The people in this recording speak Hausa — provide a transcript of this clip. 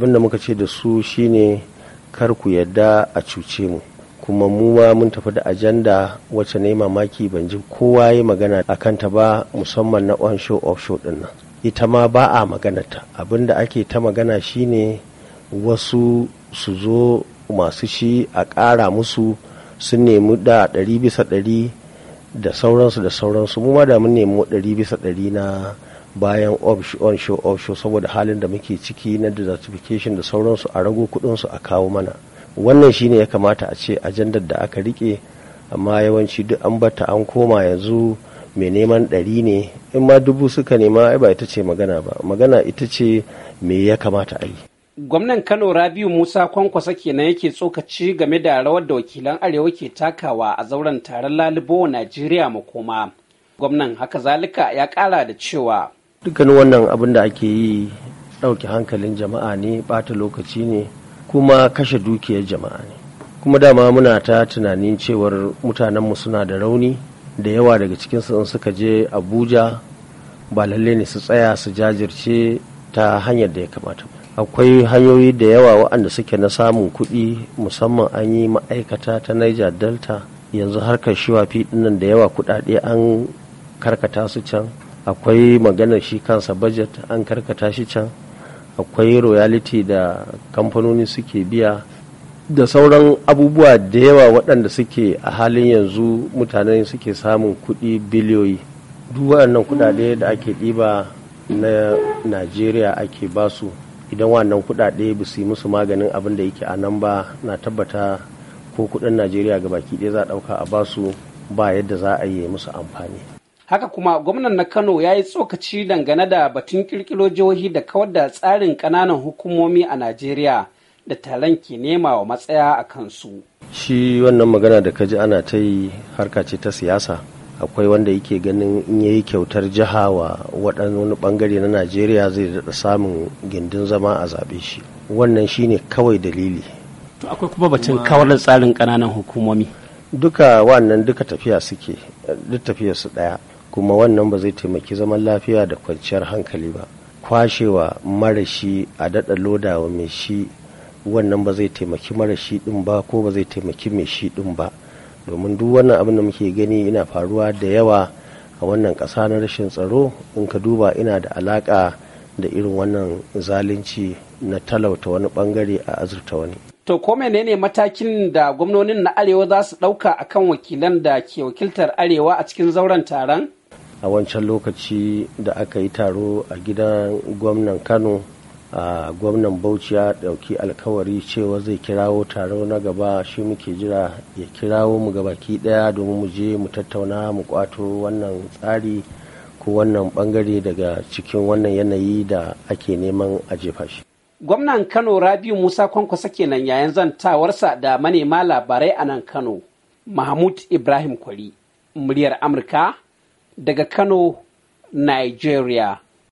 abinda muka ce da su shine kar ku yadda a cuce mu kuma mu ma mun tafi da ajanda wacce ne mamaki ban ji kowa ya magana a kanta ba musamman na on show off show din nan ita ma ba a maganata abinda ake ta magana shine wasu su zo masu shi a ƙara musu sun nemi da ɗari bisa ɗari da sauransu da sauransu mu ma da mun nemi ɗari bisa ɗari na bayan onshore offshore saboda halin da muke ciki na desertification da sauransu a rago kudinsu a kawo mana wannan shine ya kamata a ce ajandar da aka rike amma yawanci duk an bata an koma yanzu mai neman ɗari ne in ma dubu suka nema ba ita ce magana ba magana ita ce me ya kamata a yi gwamnan kano rabiu musa kwankwasa kenan yake tsokaci game da rawar da wakilan arewa ke takawa a zauren taron lalibo najeriya makoma gwamnan haka zalika ya kara da cewa dukkanin wannan abin da ake yi ɗauke hankalin jama'a ne ɓata lokaci ne kuma kashe dukiyar jama'a ne kuma dama muna ta tunanin cewar mutanenmu suna da rauni da yawa daga cikinsu in suka je abuja ba lalle ne su tsaya su jajirce ta hanyar da ya kamata ba akwai hanyoyi da yawa waɗanda suke na samun kuɗi musamman an yi ma'aikata ta niger delta yanzu harkar shiwafi ɗinnan da yawa kuɗaɗe an karkata su can akwai maganar shi kansa budget an karkata shi can akwai royalty da kamfanoni suke biya da sauran abubuwa da yawa waɗanda suke a halin yanzu mutane suke samun kuɗi biliyoyi duk waɗannan kuɗaɗe da ake ɗiba na najeriya ake basu idan wannan kuɗaɗe ba su yi musu maganin abin da yake a nan ba na tabbata ko kuɗin najeriya ga baki ɗaya za a ɗauka a basu ba yadda za a yi musu amfani haka kuma gwamnan na kano ya yi tsokaci dangane da batun kirkiro jihohi da kawar da tsarin kananan hukumomi a najeriya da taron ke nema wa matsaya a kansu shi wannan magana da ka ji ana ta yi harka ce ta siyasa akwai wanda yake ganin in ya yi kyautar jiha wa waɗannan bangare na najeriya zai daɗa samun gindin zama a zaɓe shi wannan shine kawai dalili to akwai kuma batun kawar da tsarin ƙananan hukumomi duka wannan duka tafiya suke duk tafiya su ɗaya kuma wannan ba zai taimaki zaman lafiya da kwanciyar hankali ba kwashewa marashi a daɗa lodawa mai shi wannan ba zai taimaki marashi ɗin ba ko ba zai taimaki mai shi ɗin ba domin duk wannan abin da muke gani yana faruwa da yawa a wannan ƙasa na rashin tsaro in ka duba ina da alaƙa da irin wannan zalunci na talauta wani bangare a azurta wani To ko menene matakin da gwamnonin na Arewa za su ɗauka akan wakilan da ke wakiltar Arewa a cikin zauren taron? a wancan lokaci da aka yi taro a gidan gwamnan kano a gwamnan bauchi ya ɗauki alkawari cewa zai kirawo taro na gaba shi muke jira ya kirawo mu ga baki ɗaya domin mu je mu tattauna mu kwato wannan tsari ko wannan bangare daga cikin wannan yanayi da ake neman a jefa shi gwamnan kano rabiu musa kwankwasa kenan yayin zantawarsa da manema labarai a nan kano mahmud ibrahim kwari muryar amurka daga Kano, Nigeria.